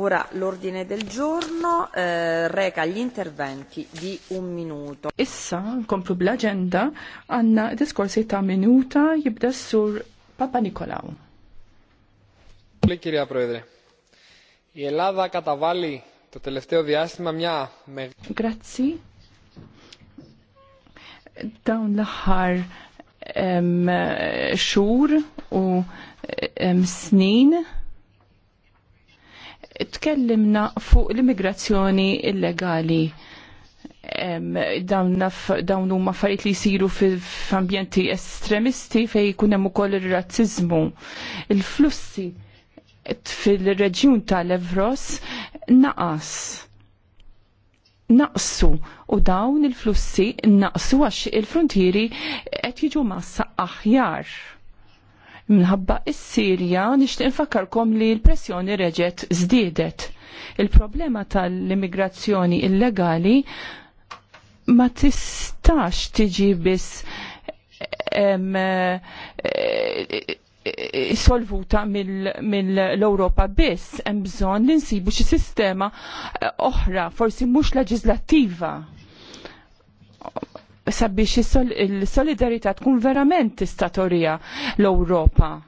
Ora l'ordine del giorno eh, reca gli interventi di un minuto. Issa, komplu bl-agenda, għanna diskorsi ta' minuta jibda sur Papa Nikolaw. Kirja Proedre, Dawn l-ħar xur u snin Tkellimna fuq l-immigrazzjoni illegali dawn huma affarijiet li jsiru f'ambjenti estremisti fejn jkun hemm ukoll ir-razziżmu. Il-flussi fil-reġjun tal-Evros naqas. Naqsu u dawn il-flussi naqsu għax il-frontieri qed jiġu massa aħjar minħabba s sirja nixtieq infakkarkom li l-pressjoni reġgħet żdiedet. Il-problema tal-immigrazzjoni illegali ma tistax tiġi biss eh, eh, solvuta mill-Europa mil biss, hemm bżonn li nsibu xi sistema eh, oħra, forsi mhux leġislattiva sabiex il-solidarita tkun verament istatorija l-Europa.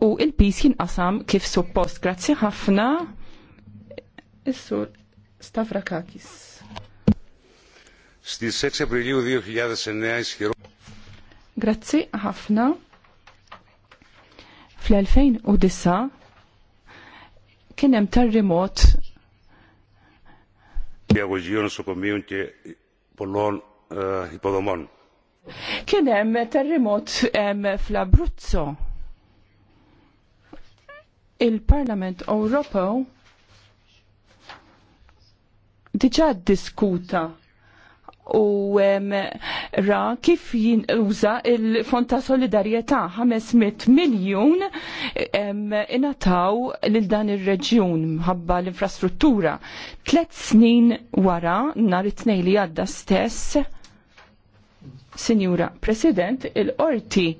U il-pis jinqasam kif suppost. Grazzi ħafna. Is-sur Stavrakakis. Stis 6 Aprilju 2009 iskiro. Grazzi ħafna. Fl-2009 kienem tarrimot. terremot. Diagozjon su komjun pollon ε, eh, Kien hemm terremot fl-Abruzzo. Il-Parlament Ewropew diġà diskuta u ra kif jinuża il-Fond ta' Solidarjetà 500 miljun inataw lil dan ir-reġjun mħabba l-infrastruttura. Tliet snin wara nhar it-tnejn li għadda stess Sinjura President, il-qorti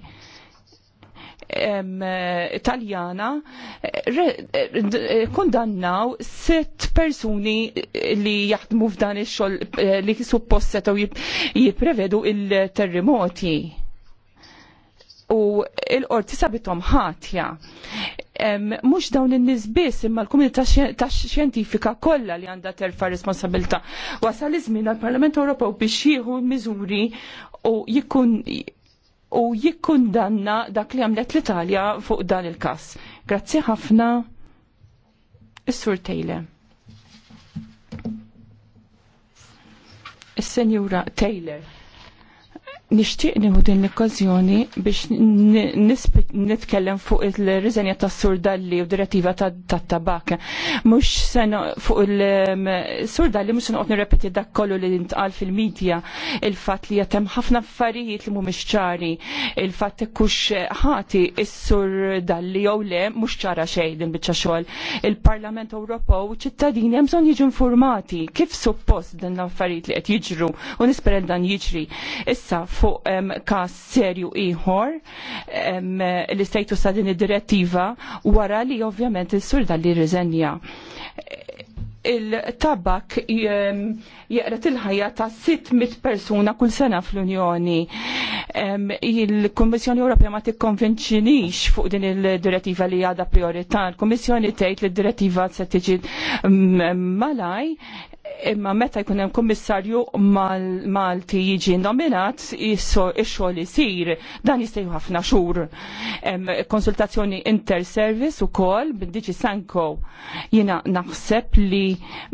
Italjana eh, kondannaw sitt persuni li jaħdmu f'dan ix-xogħol eh, li suppost setgħu jipprevedu il-terremoti u il-qorti sabitom ħatja. Mux dawn il-nizbis imma l-komunità xjentifika kollha li għandha terfa responsabilta. Wasal iż-żmien għall-Parlament Ewropew biex jieħu miżuri u jikun u jikkundanna dak li għamlet l-Italja fuq dan il-kas. Grazzi ħafna, Is-Sur Tejle. Is-Senjura Taylor nixtieq nieħu din l-okkażjoni biex nitkellem fuq il-riżenja tas-sur dalli u direttiva tat-tabak. Mhux se fuq il-sur dalli mhux se noqgħod nirrepeti dak kollu li ntqal fil-medja il-fatt li qed hemm ħafna affarijiet li mhumiex ċari, il-fatt kux ħati is-sur dalli jew le mhux ċara xejn din biċċa xogħol. Il-Parlament Ewropew ċittadini hemm bżonn jiġu informati kif suppost din l-affarijiet li qed jiġru u nisperel dan jiġri. Issa fuq um, kas serju ieħor um, l-istejtu sa' din id-direttiva wara li ovvjament is-sur li riżenja il-tabak jeqret il-ħajja ta' 600 persuna kull sena fl-Unjoni. Il-Kommissjoni Ewropea ma tikkonvinċinix fuq din il-direttiva li għadha priorità. Il-Kommissjoni tgħid li d-direttiva se tiġi malaj imma meta jkun hemm kummissarju Malti jiġi nominat ix-xogħol isir dan jistgħu ħafna xhur. Konsultazzjoni inter-service ukoll bid-Diġi Sanko jiena naħseb li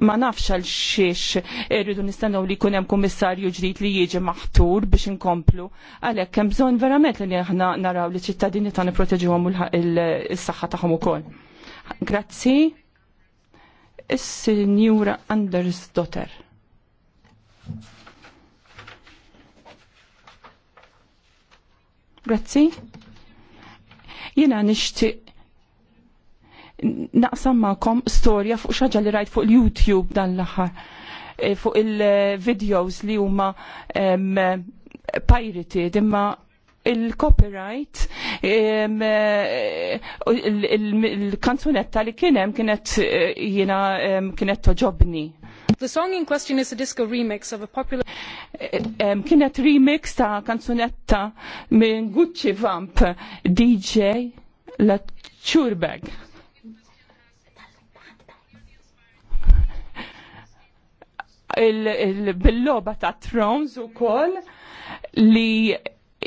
ma nafx għal xiex irridu nistennew li jkun hemm kummissarju ġdid li jiġi maħtur biex inkomplu għalhekk hemm bżonn verament li aħna naraw li ċittadini tagħna nipproteġuhom il-saħħa tagħhom ukoll. Grazzi is-Sinjura Anders Dotter. Grazzi. Jena nixtieq naqsam ma'kom storja fuq xaġa li rajt fuq YouTube dan l-aħħar eh, fuq il-videos li huma pirated imma il-copyright eh, il-kanzunetta li kienem kienet eh, jina kienet toġobni. The song in question is a disco remix of a popular eh, kienet remix ta' kanzunetta minn Gucci Vamp DJ La Churbag. il-billoba ta' Thrones u koll li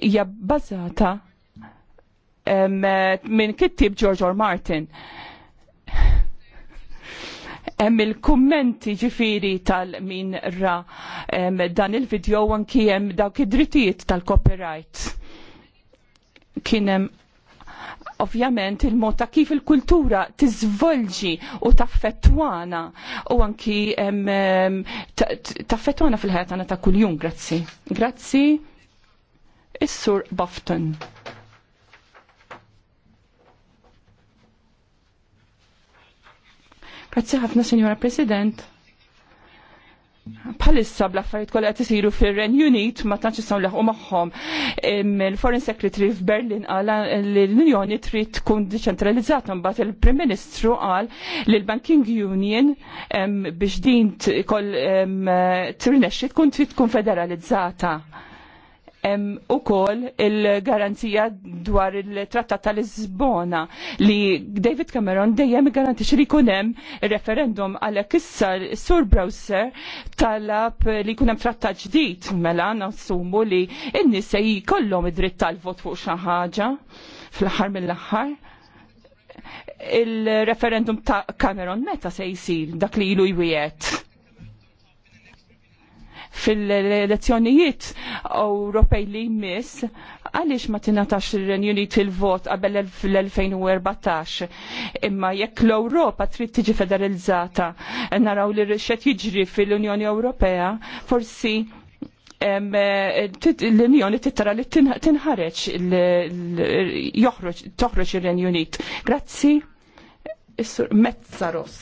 hija bbażata minn kittib George or Martin. Hemm il-kummenti ġifiri tal-min ra dan il-video anki hemm dawk id-drittijiet tal-copyright. Kien hemm ovvjament il-mod ta' kif il-kultura tiżvolġi u taffettwana u anki taffettwana fil-ħajja tagħna ta' kuljum, grazzi. Grazzi. Is-Sur Bafton. Grazzi ħafna, Signora President. Palissa bl-affarijiet kollha qed isiru fir-Renju Unit ma tantx issaw laħqu magħhom. Il-Foreign Secretary f'Berlin qal li l-Unjoni trid tkun diċentralizzata mbagħad il-Prim Ministru qal li l-Banking Union biex din eh, tkun trid tkun federalizzata hemm ukoll il-garanzija dwar il-Trattat tal-Lisbona li David Cameron dejjem garantix li jkun hemm referendum għalhekk issa Sur Browser talab li jkun hemm trattat ġdid mela nassumu li n-nies se jkollhom id-dritt tal-vot fuq xi ħaġa fl-aħħar mill-aħħar il-referendum ta' Cameron meta se jsir dak li ilu jwiet fil-elezzjonijiet Ewropej li jmiss, għaliex ma tinatax il-Unit il-vot qabel l-2014. Imma jekk l-Ewropa trid tiġi federalizzata, naraw li rixet jiġri fil-Unjoni Ewropea, forsi eh, l-Unjoni tittara li tinħareċ toħroġ ir-Renju Unit. Grazzi, is Mezzaros.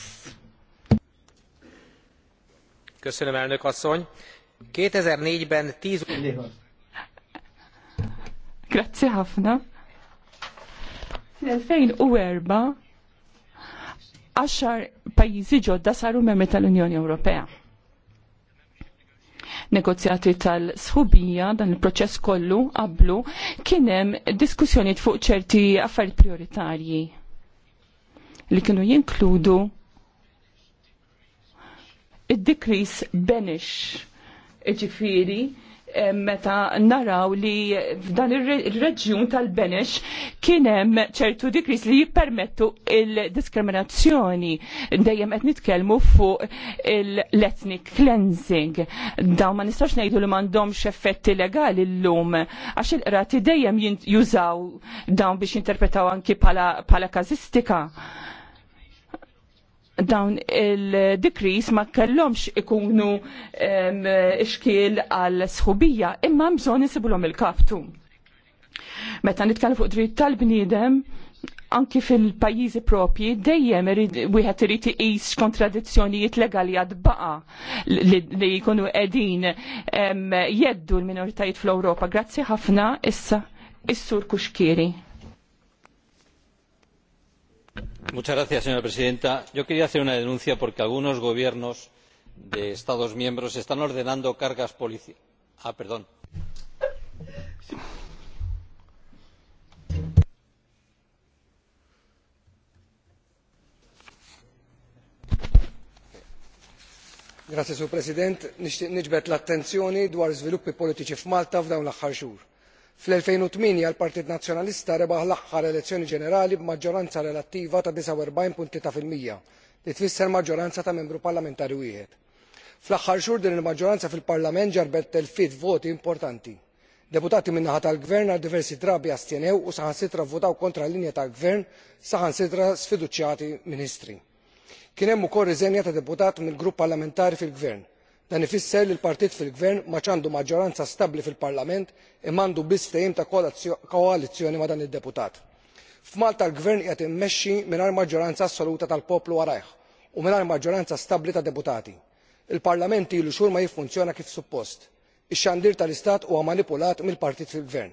Köszönöm, elnök asszony! 2004-ben 10 Grazzi ħafna. Fl-2004 għaxar pajjiżi ġodda saru membri tal-Unjoni Ewropea. Negozjati tal-sħubija dan il-proċess kollu qablu kien hemm diskussjonijiet fuq ċerti affarijiet prioritarji li kienu jinkludu id dikris benish ġifiri eh, meta naraw li f'dan ir-reġjun tal-Benex kien hemm ċertu dikris li jippermettu il-diskriminazzjoni. Dejjem qed nitkellmu fuq l-ethnic cleansing. Daw ma nistax ngħidu li m'għandhomx effetti legali llum għax il-qrati dejjem jużaw dawn biex jinterpretaw anki pala, pala kazistika dawn il-dikris ma kellomx ikunu xkiel għal sħubija imma bżon nisibulhom il-kaptu. Meta nitkellem fuq dritt tal-bniedem, anki fil-pajjiżi propji dejjem wieħed irid iqis kontradizzjonijiet legali għad baqa li jkunu qegħdin jeddu l-minoritajiet fl-Ewropa. Grazzi ħafna issa is-sur Kuxkieri señora presidenta yo quería hacer una denuncia porque algunos gobiernos de estados miembros están ordenando cargas policiales ah, nixtieq l-attenzjoni dwar żviluppi politiċi f'malta f'dawn l-aħħar xhur fl-2008 il partit nazzjonalista rebaħ l-aħħar elezzjoni ġenerali b'maġġoranza relattiva ta' 49.3 li tfisser maġġoranza ta' membru parlamentari wieħed. fl-aħħar xhur din il-maġġoranza fil-parlament ġarbet telfiet voti importanti. deputati min-naħa tal-gvern għal diversi drabi astjenew u saħansitra vvotaw kontra l-linja tal-gvern saħansitra sfiduċjati ministri. kien hemm ukoll riżenja ta' deputat mill-grupp parlamentari fil-gvern dan ifisser li l-partit fil-gvern ma għandu maġġoranza stabbli fil-parlament imma għandu biss ftehim ta' koalizzjoni ma' dan id-deputat. f'malta l-gvern qiegħed immexxi mingħajr maġġoranza assoluta tal poplu warajh u mingħajr maġġoranza stabbli ta' deputati. il parlament ilu xhur ma jiffunzjona kif suppost ix xandir tal istat huwa manipulat mill partit fil gvern.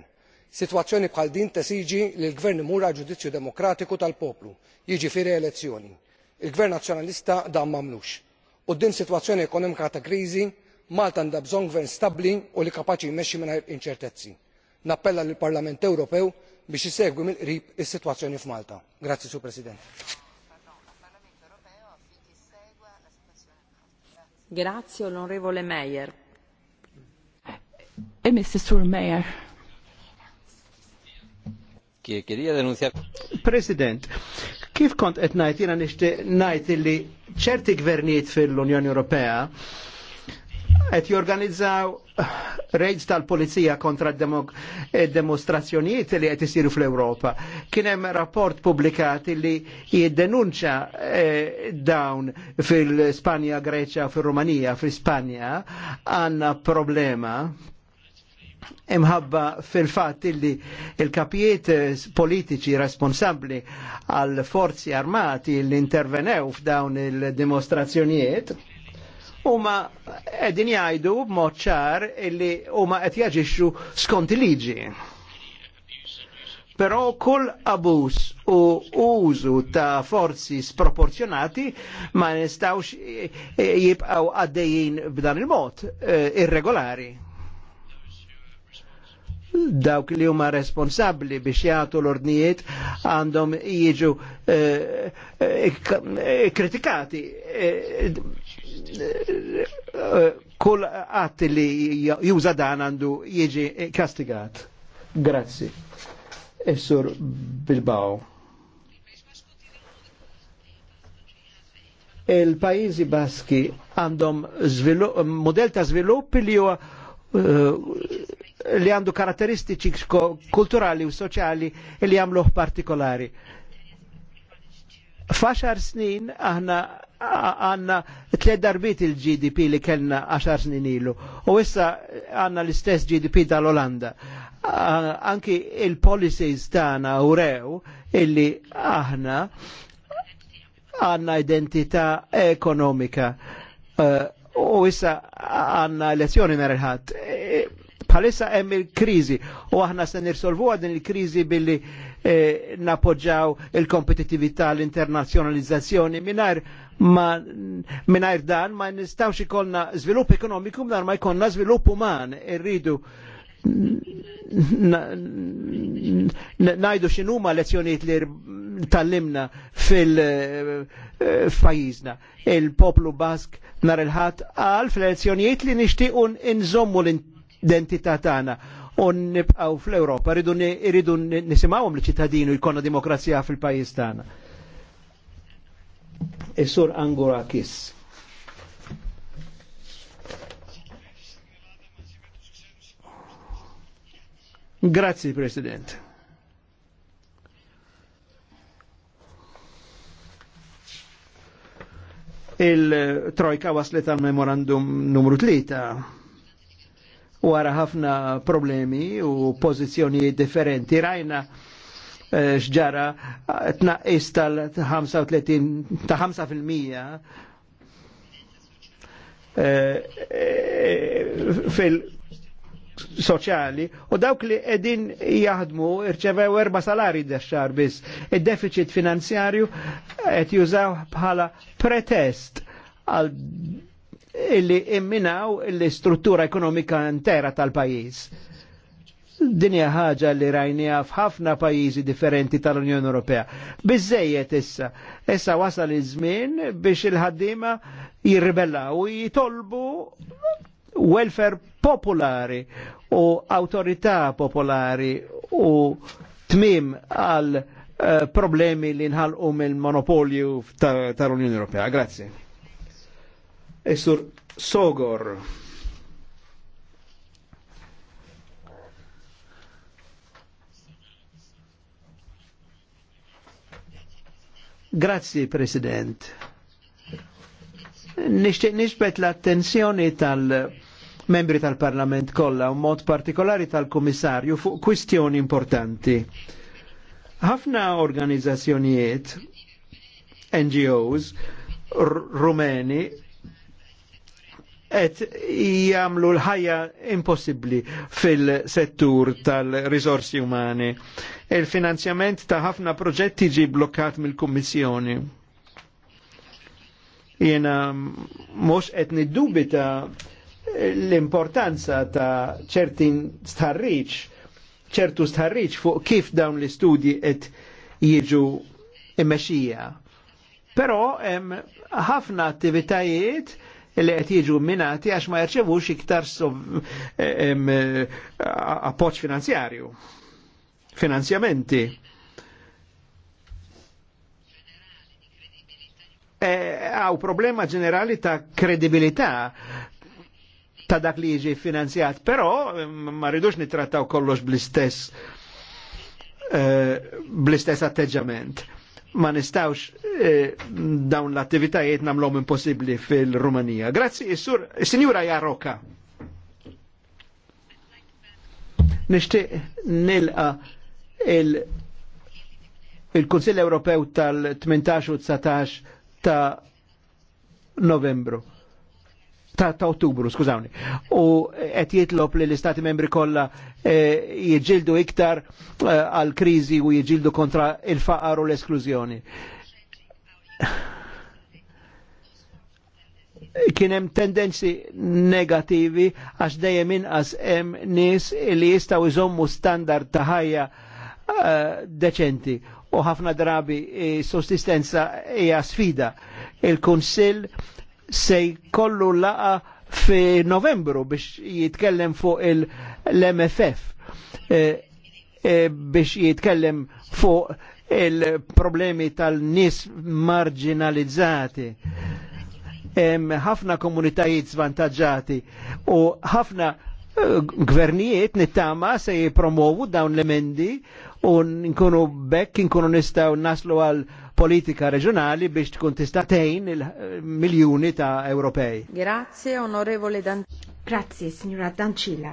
sitwazzjoni bħal din tesiġi li l-gvern imur għal ġudizzju demokratiku tal poplu jiġifieri elezzjoni. il gvern nazzjonalista dan m'għamlux quddiem sitwazzjoni ekonomika ta' kriżi malta għandha bżonn gvern stabbli u li kapaċi jmexxi mingħajr inċertezzi. nappella lill parlament ewropew biex isegwi mill qrib is-sitwazzjoni f'malta. Grazie onorevole Meyer. E, e Mr. Sur Meyer. President, Kif kont qed ngħid jiena nixtieq ngħid illi ċerti gvernijiet fil-Unjoni Ewropea qed jorganizzaw rejds tal-polizija kontra d-demostrazzjonijiet eh, li qed isiru fl-Ewropa. Kien hemm rapport pubblikat li jiddenunċa eh, dawn fil-Spanja, Greċja, fil-Rumanija, fil-Spanja għandna problema imħabba fil-fat illi il-kapijiet eh, politiċi responsabli għal forzi armati li intervenew f'dawn il-dimostrazzjonijiet huma qegħdin jgħidu b'mod ċar illi huma qed jaġixxu skont liġi. Però kull abus u użu ta' forzi sproporzjonati ma nistawx jibqaw għaddejjin b'dan il-mod eh, irregolari dawk li huma responsabbli biex jagħtu l-ordnijiet għandhom jiġu eh, eh, kritikati eh, kull qatt li juża dan għandu jiġi kastigat. Grazzi. Essur Bilbao. Il-pajizi baski għandhom modell ta' svilupp li huwa li għandu karatteristiċi kulturali u soċjali li jagħmluh partikolari. F'għaxar snin aħna għanna tliet darbit il-GDP li kellna 10 snin ilu u issa għanna l-istess GDP tal-Olanda. Anki il-policies tagħna u rew illi aħna għanna identità ekonomika uh, u issa għanna elezzjoni nhar Palissa hemm il-kriżi u aħna se nirsolvuha din il-kriżi billi eh, napoġġaw il-kompetitività l-internazzjonalizzazzjoni mingħajr ma mingħajr dan ma nistgħux ikollna żvilupp ekonomiku mingħajr ma jkollna żvilupp uman irridu najdu x'inhuma lezzjonijiet li tallimna fil-fajizna. Eh, Il-poplu bask nar il-ħat għal fil elezzjonijiet li nishtiqun inżommu l l-identità tagħna u nibqgħu fl-Ewropa rridu nisimgħuhom l-ċittadini jkollna demokrazija fil-pajjiż tagħna. Is-sur Angurakis. Grazzi, President. Il-Trojka waslet għal memorandum numru 3 wara ħafna problemi u pożizzjonijiet differenti. Rajna eh, xġara tnaqqis tal-35 ta' 5% fil soċjali u dawk li edin jaħdmu irċevew erba salari d-xar biss. Id-deficit finanzjarju qed jużaw bħala pretest għal illi imminaw l-istruttura ekonomika intera tal-pajis. Dinja ħaġa li rajnija f'ħafna pajjiżi differenti tal-Unjoni Ewropea. Biżejjed issa, issa wasal iż-żmien biex il-ħaddiema jirribellaw jitolbu welfare popolari u autorità popolari u tmim għal eh, problemi li nħalqu mill-monopolju tal-Unjoni Ewropea. Grazie. Esur Sogor. Grazie, President. Nishtiq nisbet l-attenzjoni tal-membri tal-Parlament kolla, u mod partikolari tal komissarju fuq kwistjoni importanti. Ħafna organizzazzjonijiet, NGOs, rumeni, et jamlu l-ħajja impossibli fil-settur tal rizorsi umani. Il-finanzjament ta' ħafna proġetti ġi blokkat mill-Kummissjoni. Jena mhux qed niddubita l-importanza ta' ċertin starriċ, ċertu starriċ fuq kif dawn l-istudji qed jiġu imexija. Però hemm ħafna attivitajiet li qed jiġu minati għax ma jarċevux iktar eh, eh, appoġġ finanzjarju. Finanzjamenti. Eh, għaw problema ġenerali ta' kredibilità ta' dak li jiġi finanzjat, però ma rridux nittrattaw kollox bl-istess e, bl-istess atteġġament ma nistawx eh, dawn l-attivitajiet namlom impossibli fil-Rumanija. Grazzi, signora Jaroka. Nishtiq nilqa il- il Ewropew tal-18 u 19 ta' novembru ta', ta ottubru, skużawni. U eh, qed jitlob li l-istati membri kollha eh, jiġildu iktar eh, għal kriżi u jiġildu kontra il-faqar u l-esklużjoni. Kien hemm tendenzi negativi għax dejjem inqas hemm nies li jistgħu iżommu standard ta' ħajja eh, deċenti u ħafna drabi sostistenza hija sfida. Il-Kunsill se jkollu laqa fi novembru biex jitkellem fuq l-MFF e, e, biex jitkellem fuq il-problemi tal-nis marginalizzati. Ħafna komunitajiet svantagġati u ħafna Eh, gvernijiet nittama se jipromovu dawn l-emendi u nkunu bekk nkunu nistaw naslu għal politika reġjonali biex tkun tista' tgħin il-miljuni ta' Ewropej. Grazie, onorevole Dan. Grazie, signora Dancila.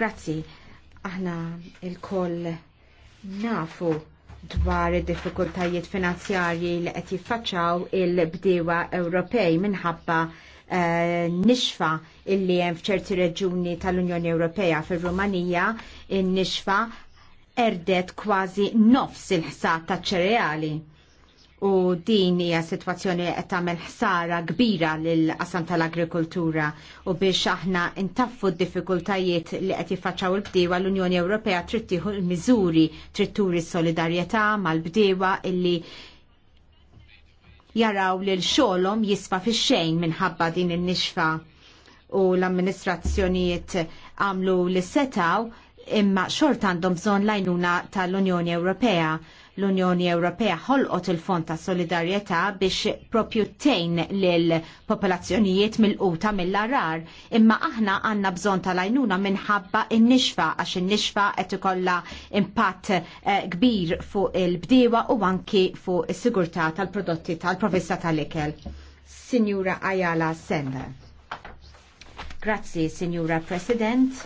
Grazie, aħna il-koll nafu dwar id-diffikultajiet finanzjarji li qed jiffaċċaw il-bdewa Ewropej minħabba uh, nixfa illi hemm f'ċerti reġuni tal-Unjoni Ewropea fir-Rumanija in-nixfa erdet kważi nofs il-ħsad taċ-ċereali u din hija sitwazzjoni qed tagħmel ħsara kbira lil qasam tal-agrikoltura u biex aħna intaffu d-diffikultajiet li qed jiffaċċaw il-bdiewa l-Unjoni Ewropea trid tieħu l-miżuri trid turi solidarjetà mal-bdiewa illi jaraw li l-xolom jisfa fix xejn minħabba din in-nixfa u l-amministrazzjonijiet għamlu l-setaw imma xort għandhom bżonn l-għajnuna tal-Unjoni Ewropea L-Unjoni Ewropea ħolqot il-Fond ta' Solidarjetà biex propju tejn lil popolazzjonijiet mill-quta mill-arar, imma aħna għandna bżonn tal-għajnuna minħabba n nixfa għax in-nixfa qed ikollha impatt eh, kbir fuq il-bdiewa u anki fuq is-sigurtà tal-prodotti tal-provista tal-ikel. Signora Ayala Sender. Grazzi, Signora President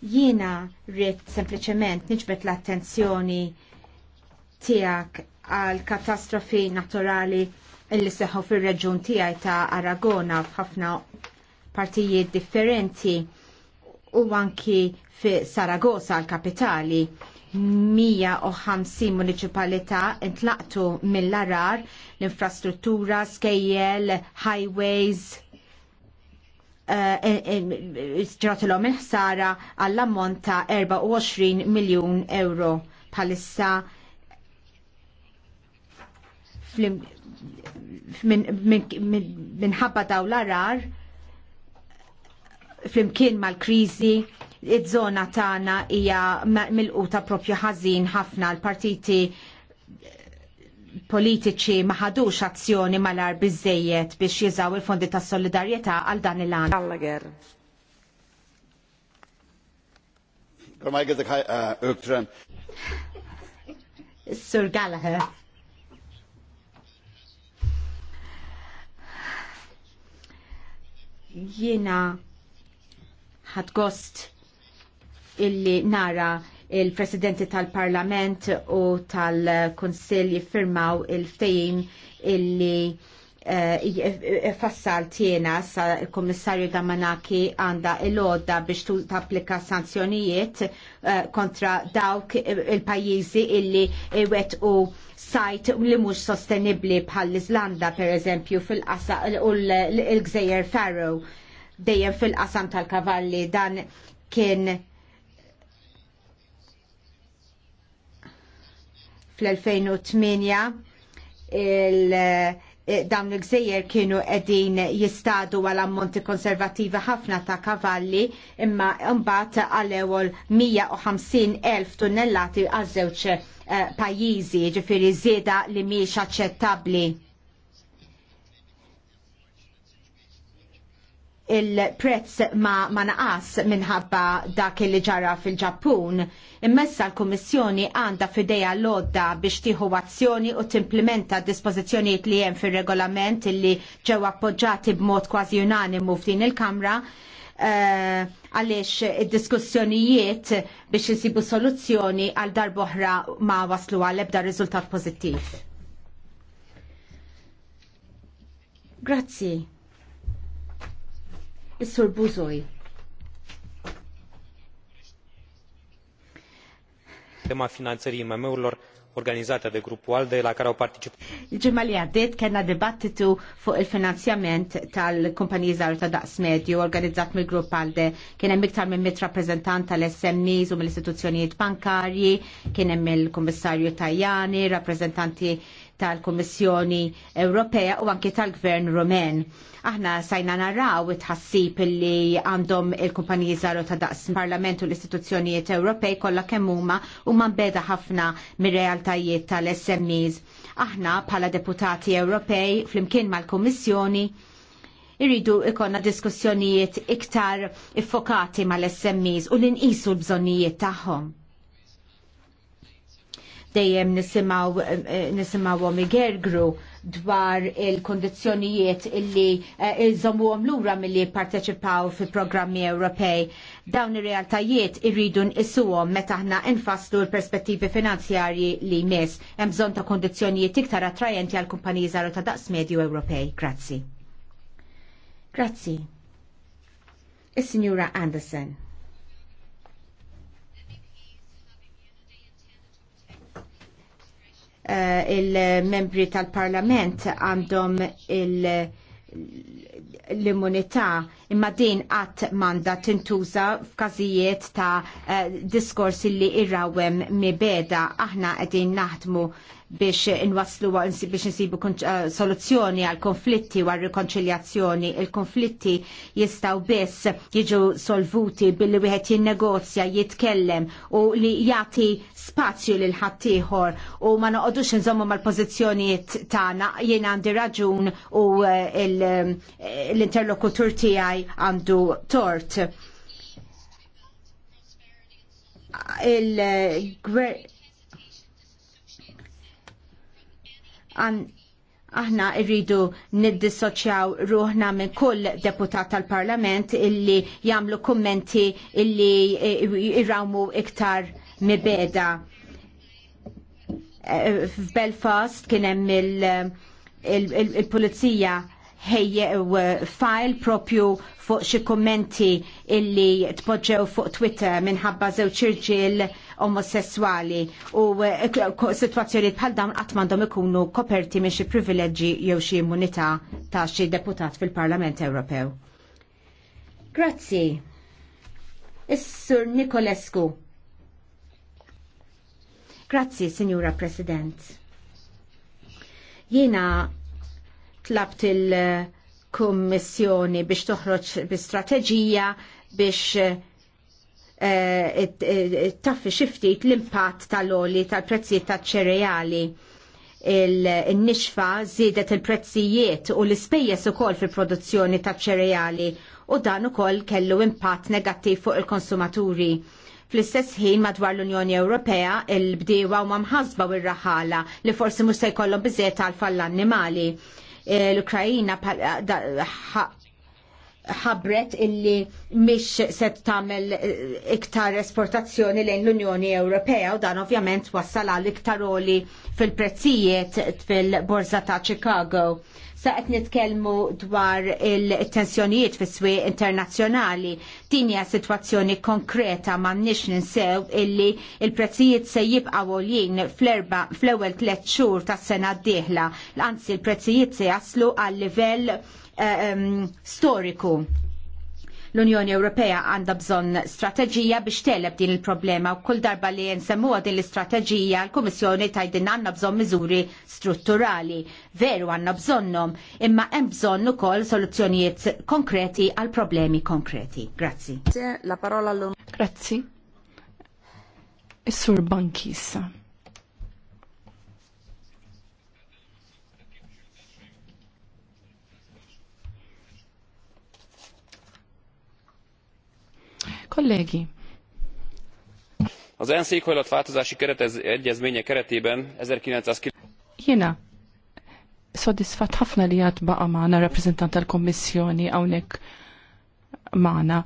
jiena rrit sempliciment niġbet l-attenzjoni tijak għal katastrofi naturali illi seħu fir-reġjun tiegħi ta' Aragona f'ħafna partijiet differenti u anki fi Saragosa l-kapitali. 150 municipalità intlaqtu mill-arar l-infrastruttura, skejjel, highways, eh, eh, eh, ġratilhom il-ħsara għall-ammont ta' 24 miljun euro. Palissa minħabba daw l-arar flimkien mal-krizi id-żona tagħna hija milquta propju ħażin ħafna l-partiti politiċi ma ħadux azzjoni mal-ar biżejjed biex jiżaw il-fondi tas solidarjetà għal dan il-għan. Gallagher. Uh, Sur Gallagher. Jiena ħad gost illi nara il-presidenti tal-parlament u tal-konsil jiffirmaw il-ftejim illi Eh, Fassal tjena sa il-Komissarju Damanaki għanda il-odda biex tapplika sanzjonijiet eh, kontra dawk il-pajizi illi wet u sajt li mhux sostenibbli bħall per pereżempju fil-qasa u l-Gżejjer Faro dejjem fil-qasam tal-kavalli dan kien fl-2008 il- Eh, dawn il gżejjer kienu edin jistadu għal ammonti konservativi ħafna ta' kavalli imma mbagħad għal ewwel 150,000 tunnellati għaż żewġ eh, pajjiżi ġifieri żieda li mhijiex aċċettabbli il-prezz ma, ma naqas minħabba dak li ġara fil-ġappun. Immessa l-Kummissjoni għandha fideja l-odda biex tieħu azzjoni u timplementa dispożizzjonijiet li hemm fir-regolament illi ġew appoġġati b'mod kważi unanimu f'din il-Kamra eh, għaliex uh, id-diskussjonijiet biex insibu soluzzjoni għal darboħra ma waslu għal ebda riżultat pożittiv. Grazzi. Is-Sur Buzoj. tema finanțării IMM-urilor organizzata de gruppu ALDE la karaw particip. Il-ġimma li għaddiet kena dibattitu fuq il-finanzjament tal-kumpaniji żgħar ta' daqs medju organizzat mill-grupp ALDE. Kien hemm iktar minn mit rappreżentant tal-SMEs u mill-istituzzjonijiet bankarji, kien hemm kommissarju kummissarju Tajani, rappreżentanti tal-Kummissjoni Ewropea u anke tal-Gvern Rumen. Aħna sajna naraw it-ħassib li għandhom il-kumpaniji żaru ta' daqs Parlament u l-istituzzjonijiet Ewropej kollha kemm huma u mbeda ħafna mir-realtajiet tal-SMEs. Aħna bħala deputati Ewropej flimkien mal-Kummissjoni irridu ikonna diskussjonijiet iktar iffokati mal-SMEs u l-inqisu l-bżonnijiet tagħhom dejjem nisimaw eh, nisimawhom igergru dwar il-kondizjonijiet illi eh, iżommu għom lura mill-li parteċipaw fi programmi Ewropej. Dawn ir-realtajiet irridu nqisuhom meta aħna infaslu l-perspettivi finanzjarji li jmiss hemm bżonn ta' kondizjonijiet iktar attrajenti għal kumpaniji zaru ta' daqs medju Ewropej. Grazzi. Grazzi. Is-Sinjura Anderson. Eh, il-membri tal-parlament għandhom l-immunità imma din għat manda tintuża f'każijiet ta' eh, diskorsi li irrawem mibeda aħna qegħdin naħdmu biex inwaslu biex nsibu eh, soluzzjoni għal konflitti u għal rikonċiljazzjoni. Il-konflitti jistaw biss jiġu solvuti billi wieħed jinnegozja, jitkellem u li jati spazju lil ħaddieħor u ma noqogħdux inżommu mal-pożizzjonijiet tagħna jien għandi raġun u eh, eh, l-interlokutur tiegħi għandu tort il aħna rridu niddissoċjaw ruħna minn kull deputat tal-parlament illi jamlu kummenti illi eh, irrawmu iktar mibeda. Eh, F'Belfast kien hemm il-pulizija ħejjew eh, file propju fuq xi kummenti illi tpoġġew fuq Twitter minħabba żewġ irġiel omosessuali u eh, situazzjoni bħal dawn qatt m'għandhom ikunu koperti minn xi privileġġi jew xi immunità ta' xi deputat fil-Parlament Ewropew. Grazzi. Is-Sur Nikolescu. Grazzi, Signora President. Jiena tlabt il-Kummissjoni biex toħroġ bi strateġija biex Eh, eh, taffi xiftit l-impatt tal-oli tal-prezzijiet tal-ċereali il-nixfa zidet il-prezzijiet u l-ispejjeż ukoll fil-produzzjoni tal-ċereali u dan ukoll kellu impatt negattiv fuq il-konsumaturi. Fl-istess ħin madwar l-Unjoni Ewropea il-bdiewa huma mħasba u r-raħala li forsi mhux se jkollhom għal għalfa l-annimali. Eh, L-Ukrajina ħabret illi mhix se tagħmel eh, iktar esportazzjoni lejn l-Unjoni Ewropea u dan ovvjament wassal għal iktar oli fil-prezzijiet fil-Borza ta' Chicago. Sa qed nitkellmu dwar il-tensjonijiet fis-swieq internazzjonali din hija sitwazzjoni konkreta m'għandniex ninsew illi il-prezzijiet se jibqgħu għoljin fl-ewwel tliet xhur tas-sena d-dieħla, anzi l-prezzijiet se jaslu għal livell Eh, storiku l-Unjoni Ewropea għandha bżonn strateġija biex teleb din il-problema u kull darba li nsemmuha din l-istrateġija l-Kummissjoni tajdin għandna bżonn miżuri strutturali. Veru għandna bżonnhom, imma hemm bżonn ukoll soluzzjonijiet konkreti għal problemi konkreti. Grazzi. La parola l Grazzi. Is-sur Banki issa. Kollegi. Az ENSZ éghajlatváltozási keretez, egyezménye keretében 1990... Jena, soddisfat ħafna li għad baqa maħna rappresentant tal-Kommissjoni għawnek maħna.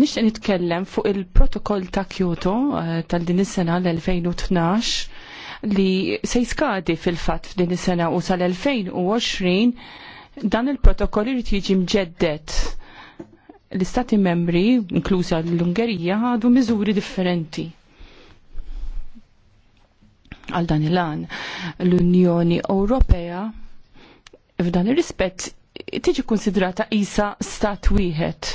Nixtieq nitkellem fuq il-protokoll ta' Kyoto eh, tal-din is-sena l-2012 li se jiskadi fil-fatt f'din is-sena u sal-2020 dan il-protokoll irid jiġi mġeddet l-istati membri, inklusa l-Ungerija, għadu miżuri differenti għal dan il-għan. L-Unjoni Ewropea f'dan ir-rispett tiġi konsidrata isa stat wieħed.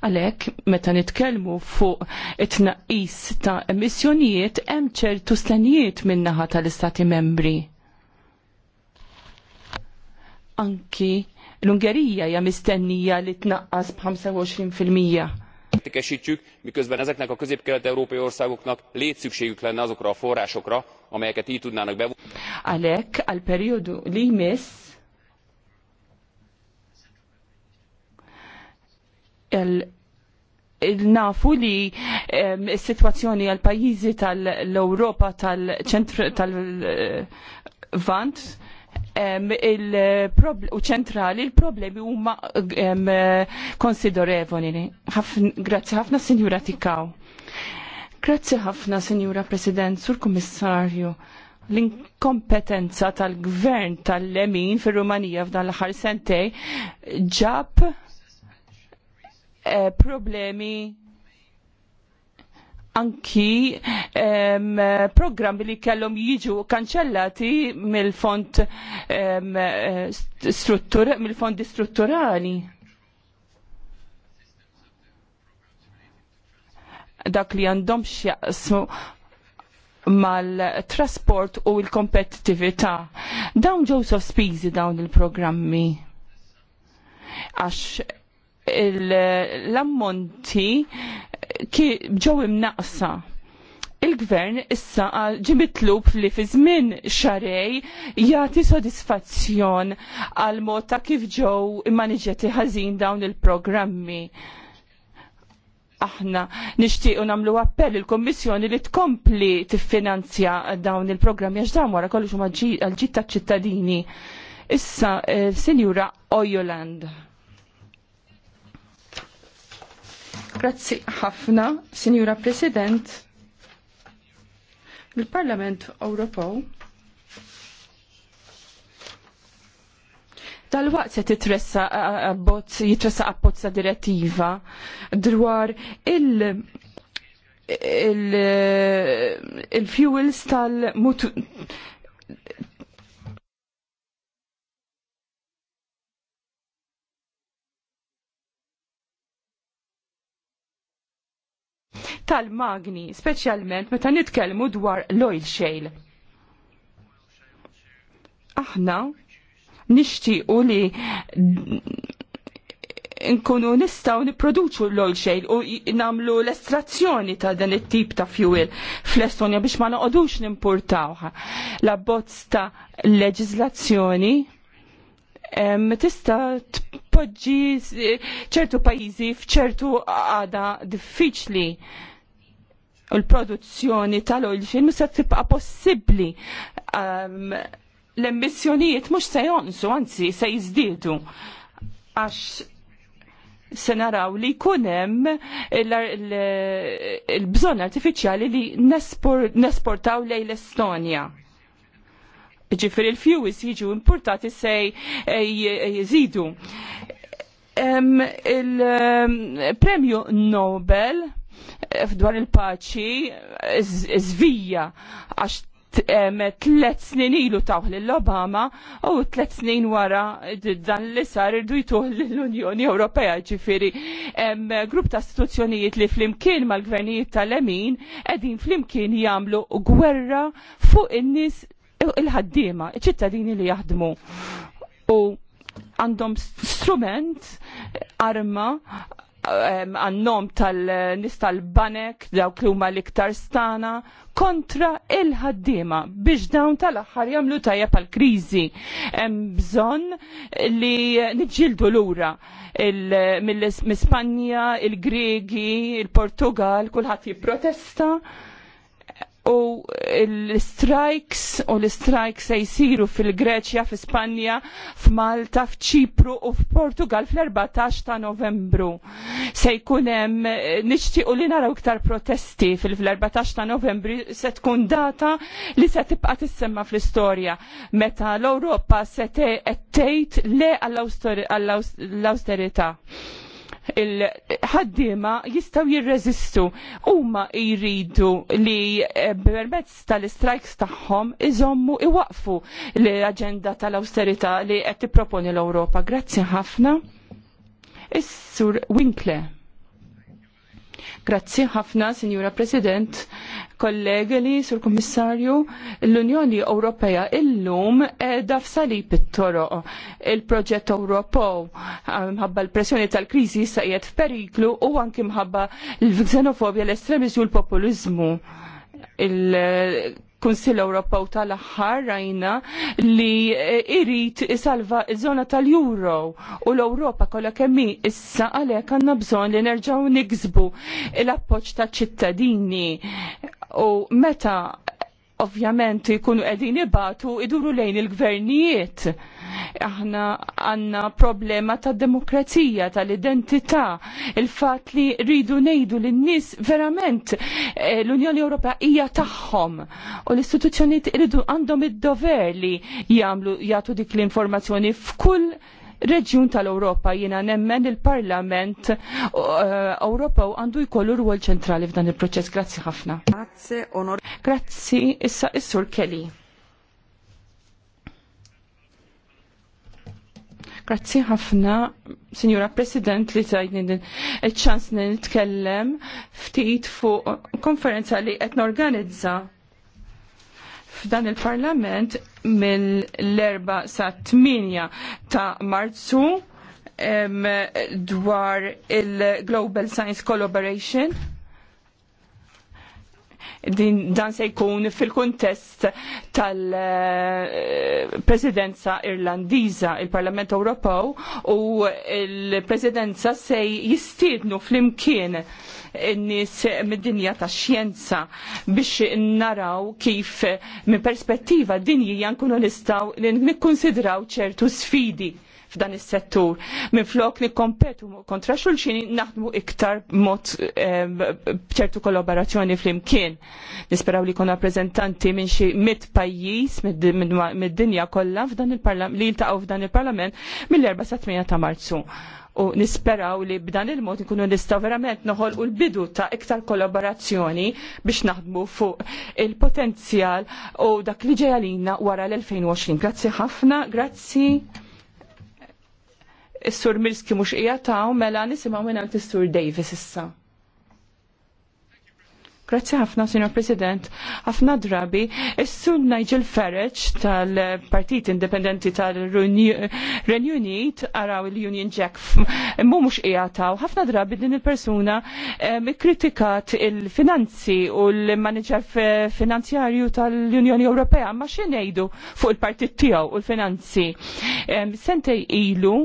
Għalhekk meta nitkellmu fuq it-tnaqqis ta' emissjonijiet hemm ċertu stanijiet min-naħa tal-istati membri. Anki L-Ungerija hija mistennija li tnaqqas b'25%. Tikesítjük, miközben ezeknek a közép-kelet-európai országoknak létszükségük lenne azokra a forrásokra, amelyeket így tudnának bevonni. Alek, al periodu li il nafu li situazzjoni għal pajizi tal-Europa tal-ċentr tal-Vant tal europa eh, tal ċentru tal vant tal u ċentrali il-problemi huma konsiderevoli. Grazzi ħafna Sinjura Tikaw. Grazzi ħafna Sinjura President, Sur Kummissarju l-inkompetenza tal-gvern tal-lemin fil-Rumanija f'dan l-aħħar sentej ġab eh, problemi anki um, programmi li kellhom jiġu kanċellati mill-fond um, struttur, mill-fondi strutturali. Dak li għandhom xjaqsmu mal-trasport u l-kompetitività. Dawn ġew sospiżi dawn il-programmi. Għax l-ammonti il programmi għax l ammonti ġew imnaqsa il-gvern issa ġimitlub li fi żmien xarej jagħti sodisfazzjon għal mod ta' kif ġew immaniġeti ħażin dawn il-programmi. Aħna nixtiequ nagħmlu appell il-Kommissjoni li tkompli tiffinanzja dawn il-programmi għax dawn wara kollox huma għal ġid ċittadini. Issa, eh, Sinjura Ojoland. Grazzi ħafna, Signora President. Il-Parlament Ewropew tal-waqt se titressa abbozz jitressa abbozza direttiva dwar il- il-fuels il fuels tal tal-magni, speċjalment meta nitkellmu dwar l-oil shale. Aħna nixtiequ li nkunu nistaw niproduċu l-oil shale u namlu l-estrazzjoni ta' dan it-tip ta' fuel fl-Estonja biex ma noqogħdux nimportawha. La bozz ta' leġizlazzjoni tista tpoġġi ċertu pajjiżi f'ċertu għada diffiċli u l-produzzjoni tal-olxin musa tibqa possibbli l-emissjonijiet mhux se jonsu, anzi se jiżdiedu għax se naraw li kunem il-bżon artifiċjali li nesportaw lej l-Estonja ġifir il fjuwis jiġu importati se eh, eh, jizidu. Il-premju eh, Nobel f'dwar il-paċi zvija għax tlet snin ilu tawħ l-Obama u tlet snin wara dan li sar irdu jtuħ l-Unjoni Ewropea ġifiri. Grupp ta' istituzzjonijiet li flimkien mal-gvernijiet tal-emin edin flimkien jamlu gwerra fuq in-nis il-ħaddiema, iċ-ċittadini li jaħdmu. U għandhom strument, arma, għannom tal nista tal-banek, dawk li huma l-iktar stana, kontra il-ħaddima biex dawn tal-axħar jamlu tajja pal-krizi. Bżon li nġildu l-ura mill-Ispanja, il-Gregi, il-Portugal, kulħadd jiprotesta. protesta u l-strikes u l-strikes se jisiru fil-Greċja, fil-Spanja, f'Malta, f'Ċipru u f'Portugal fl-14 ta' novembru. Se jkun hemm nixtiequ li naraw iktar protesti fil-14 ta' novembru se tkun data li se tibqa' tissemma fl-istorja meta l-Ewropa se tgħid le għall-austerità il-ħaddima jistaw jirreżistu. Huma jridu li eh, permezz tal-strikes tagħhom iżommu iwaqfu l-aġenda tal-austerità li qed tipproponi l-Ewropa. Grazzi ħafna. Is-Sur Winkler. Grazzi ħafna, Signora President, kollegli, Sur Kommissarju, l-Unjoni Ewropea illum edha f'salib it-toroq. Il-proġett Ewropew mħabba l-pressjoni tal-kriżi issa f'periklu u anki mħabba l-xenofobja, l-estremizmu u l-populizmu kunsill Ewropew tal-aħħar rajna li eh, irid isalva iż-żona tal-Euro u l-Ewropa kollha kemm issa għalhekk għandna bżonn li nerġgħu niksbu l-appoġġ taċ ċittadini u meta ovvjament jkunu qegħdin ibatu iduru lejn il-gvernijiet. Aħna għandna problema ta' demokrazija, tal-identità, il-fatt li rridu ngħidu lin nies verament eh, l-Unjoni Ewropea hija tagħhom u l-istituzzjonijiet iridu għandhom id-dover li jagħmlu jagħtu dik l-informazzjoni f'kull reġjun tal-Ewropa jiena nemmen il-Parlament eh, Ewropew għandu jkollu rwol ċentrali f'dan il-proċess. Grazzi ħafna. Grazzi, onor. Grazzi, issa issur Kelly. Grazzi ħafna, Signora President, li tajni il ċans nitkellem ftit fuq konferenza li qed norganizza f'dan il-Parlament mill erba sa 8 ta' Marzu dwar il-Global Science Collaboration din dan se jkun fil-kuntest tal-presidenza irlandiża il-Parlament Ewropew u il-presidenza se jistiednu flimkien n-nies mid-dinja tax-xjenza biex naraw kif minn perspettiva dinjija nkunu nistgħu nikkonsidraw ċertu sfidi f'dan is-settur. Minflok nikkompetu kontra xulxin naħdmu iktar mod eh, bċertu kollaborazzjoni fl-imkien. Nisperaw li kun rappreżentanti minn xi mit pajjiż mid-dinja kollha f'dan il-parlament li jiltaqgħu f'dan il-parlament mill erba sa ta' Marzu u nisperaw li b'dan il-mod nkunu nistaw verament noħolqu l-bidu ta' iktar kollaborazzjoni biex naħdmu fuq il-potenzjal u dak li ġejalina wara l-2020. Grazzi ħafna, grazzi is-Sur Milski mhux qiegħed taw mela nisimgħu mingħand is-Sur Davis issa. Grazzi ħafna, Signor President. ħafna drabi, is-sur Nigel Farage tal-Partit Indipendenti tal renunit Unit araw il-Union Jack mu mux taw. ħafna drabi din il-persuna ehm, kritikat il-finanzi u l-manager finanzjarju tal-Unjoni Ewropea ma xinejdu fuq il-partit tijaw u l-finanzi. Ehm, sentej ilu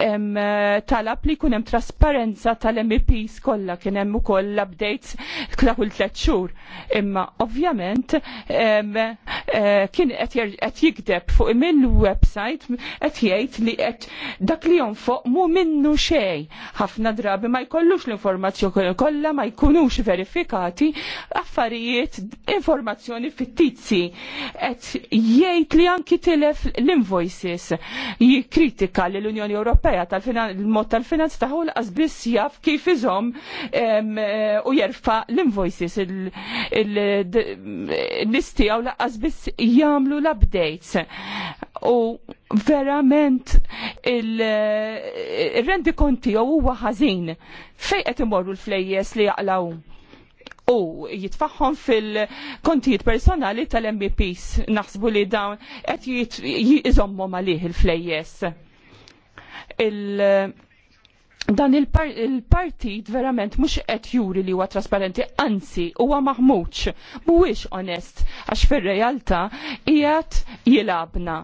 Eh, talab li kunem trasparenza tal-MEPs kolla kienem u koll updates kla kull tlet xhur. Imma ovvjament eh, kien qed jikdeb fuq mill-website qed jgħid li qed dak li jonfoq mu minnu xejn. Ħafna drabi ma jkollux l-informazzjoni kollha ma jkunux verifikati affarijiet informazzjoni fittizzi qed jgħid li anki tilef l-invoices jikkritika l-Unjoni Ewropea Ewropea tal-mod tal-finanz taħu l biss jaf kif iżom eh, u jerfa l-invoices il-listi għaw laqqas biss jamlu l-updates. U verament eh, il-rendi konti u huwa ħażin. Fej qed imorru l-flejjes li jaqlaw u jitfaħħom fil-kontijiet personali tal-MBPs naħsbu li dawn qed jizommhom għalih il-flejjes il- dan il-partit il verament mhux qed juri li huwa trasparenti, anzi huwa maħmuċ, mhuwiex onest, għax fir-realtà qiegħed jilabna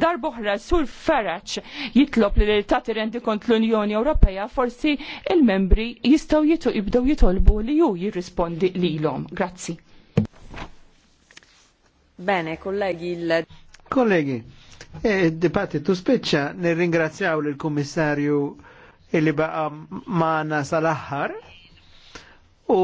darboħra sur Faraċ jitlob li l-tati rendi kont l-Unjoni Ewropea forsi il-membri jistaw jitu ibdew jitolbu li ju jirrispondi li l-om. Grazzi. Bene, kollegi il... Kollegi, E tu spiċċa nirringrazzjaw l kummissarju illi baqa maħna sal-aħħar u